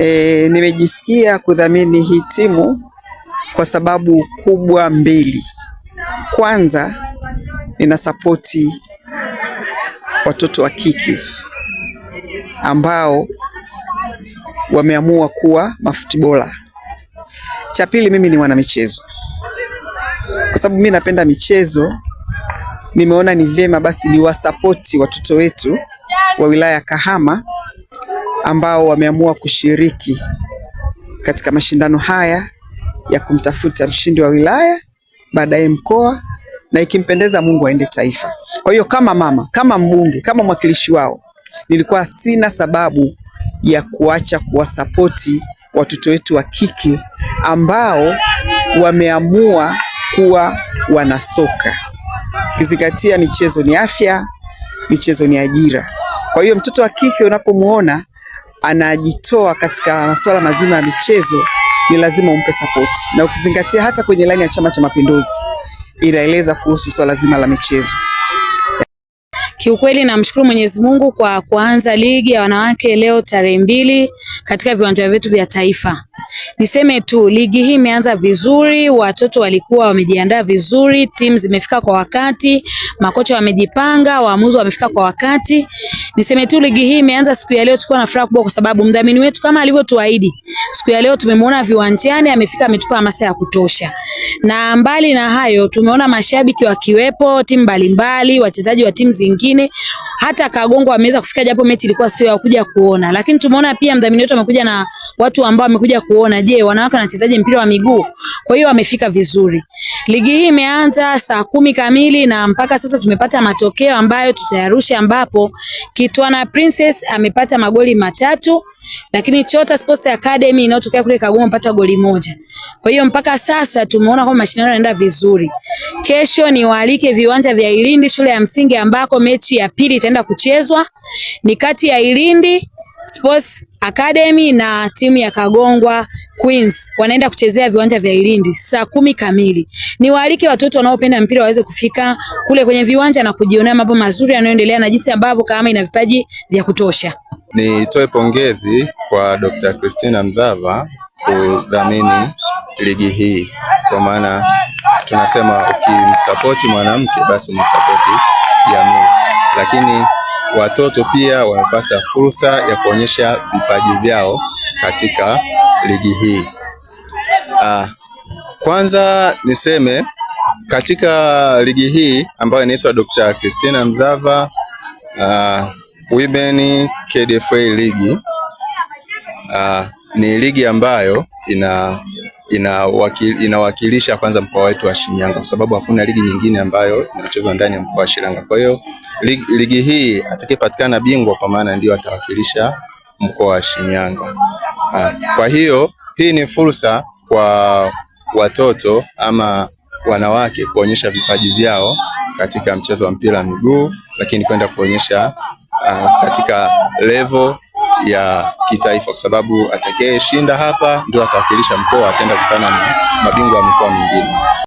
E, nimejisikia kudhamini hii timu kwa sababu kubwa mbili. Kwanza nina sapoti watoto wa kike ambao wameamua kuwa mafutibola. Cha pili, mimi ni mwanamichezo, kwa sababu mimi napenda michezo. Nimeona ni vyema basi niwasapoti watoto wetu wa wilaya ya Kahama ambao wameamua kushiriki katika mashindano haya ya kumtafuta mshindi wa wilaya, baadaye mkoa na ikimpendeza Mungu aende taifa. Kwa hiyo kama mama, kama mbunge, kama mwakilishi wao, nilikuwa sina sababu ya kuacha kuwasapoti watoto wetu wa kike ambao wameamua kuwa wanasoka, ukizingatia michezo ni afya, michezo ni ajira. Kwa hiyo mtoto wa kike unapomwona anajitoa katika masuala mazima ya michezo, ni lazima umpe support, na ukizingatia hata kwenye ilani ya Chama cha Mapinduzi inaeleza kuhusu swala zima la michezo. Kiukweli namshukuru Mwenyezi Mungu kwa kuanza ligi ya wanawake leo tarehe mbili katika viwanja vyetu vya taifa. Niseme tu ligi hii imeanza vizuri, watoto walikuwa wamejiandaa vizuri, timu zimefika kwa wakati, makocha wamejipanga, waamuzi wamefika kwa wakati. Niseme tu ligi hii imeanza siku ya leo, tulikuwa na furaha kubwa kwa sababu mdhamini wetu kama alivyotuahidi, siku ya leo tumemwona viwanjani, amefika ametupa hamasa ya kutosha. Na mbali na hayo, tumeona mashabiki wakiwepo, timu mbalimbali, wachezaji wa timu zingine mwingine hata kagongwa ameweza kufika, japo mechi ilikuwa sio ya kuja kuona, lakini tumeona pia mdhamini wetu amekuja na watu ambao wamekuja kuona, je, wanawake wanachezaje mpira wa miguu? Kwa hiyo wamefika vizuri. Ligi hii imeanza saa kumi kamili na mpaka sasa tumepata matokeo ambayo tutayarusha, ambapo Kitwana Princess amepata magoli matatu lakini Chota Sports Academy inayotokea kule Kagoma mpata goli moja. Kwa hiyo mpaka sasa tumeona kwamba mashindano yanaenda vizuri. Kesho ni niwaalike viwanja vya Ilindi shule ya msingi ambako mechi ya pili itaenda kuchezwa ni kati ya Ilindi Sports Academy na timu ya Kagongwa Queens wanaenda kuchezea viwanja vya Ilindi saa kumi kamili. Niwaalike watoto wanaopenda mpira waweze kufika kule kwenye viwanja na kujionea mambo mazuri yanayoendelea na jinsi ambavyo kama ina vipaji vya kutosha. Nitoe pongezi kwa Dr. Christina Mzava kudhamini ligi hii, kwa maana tunasema ukimsapoti mwanamke basi umesapoti jamii, lakini watoto pia wamepata fursa ya kuonyesha vipaji vyao katika ligi hii. Ah, kwanza niseme katika ligi hii ambayo inaitwa Dr. Christina Mzava ah, Women KDFA ligi uh, ni ligi ambayo ina inawakilisha kwanza mkoa wetu wa Shinyanga kwa sababu hakuna ligi nyingine ambayo inachezwa ndani ya mkoa wa Shinyanga. Kwa hiyo ligi, ligi hii atakayepatikana bingwa kwa maana ndio atawakilisha mkoa wa Shinyanga. Ah, kwa hiyo hii ni fursa kwa watoto ama wanawake kuonyesha vipaji vyao katika mchezo wa mpira wa miguu, lakini kwenda kuonyesha uh, katika level ya kitaifa, kwa sababu atakayeshinda hapa ndio atawakilisha mkoa, ataenda kutana na mabingwa wa mikoa mingine.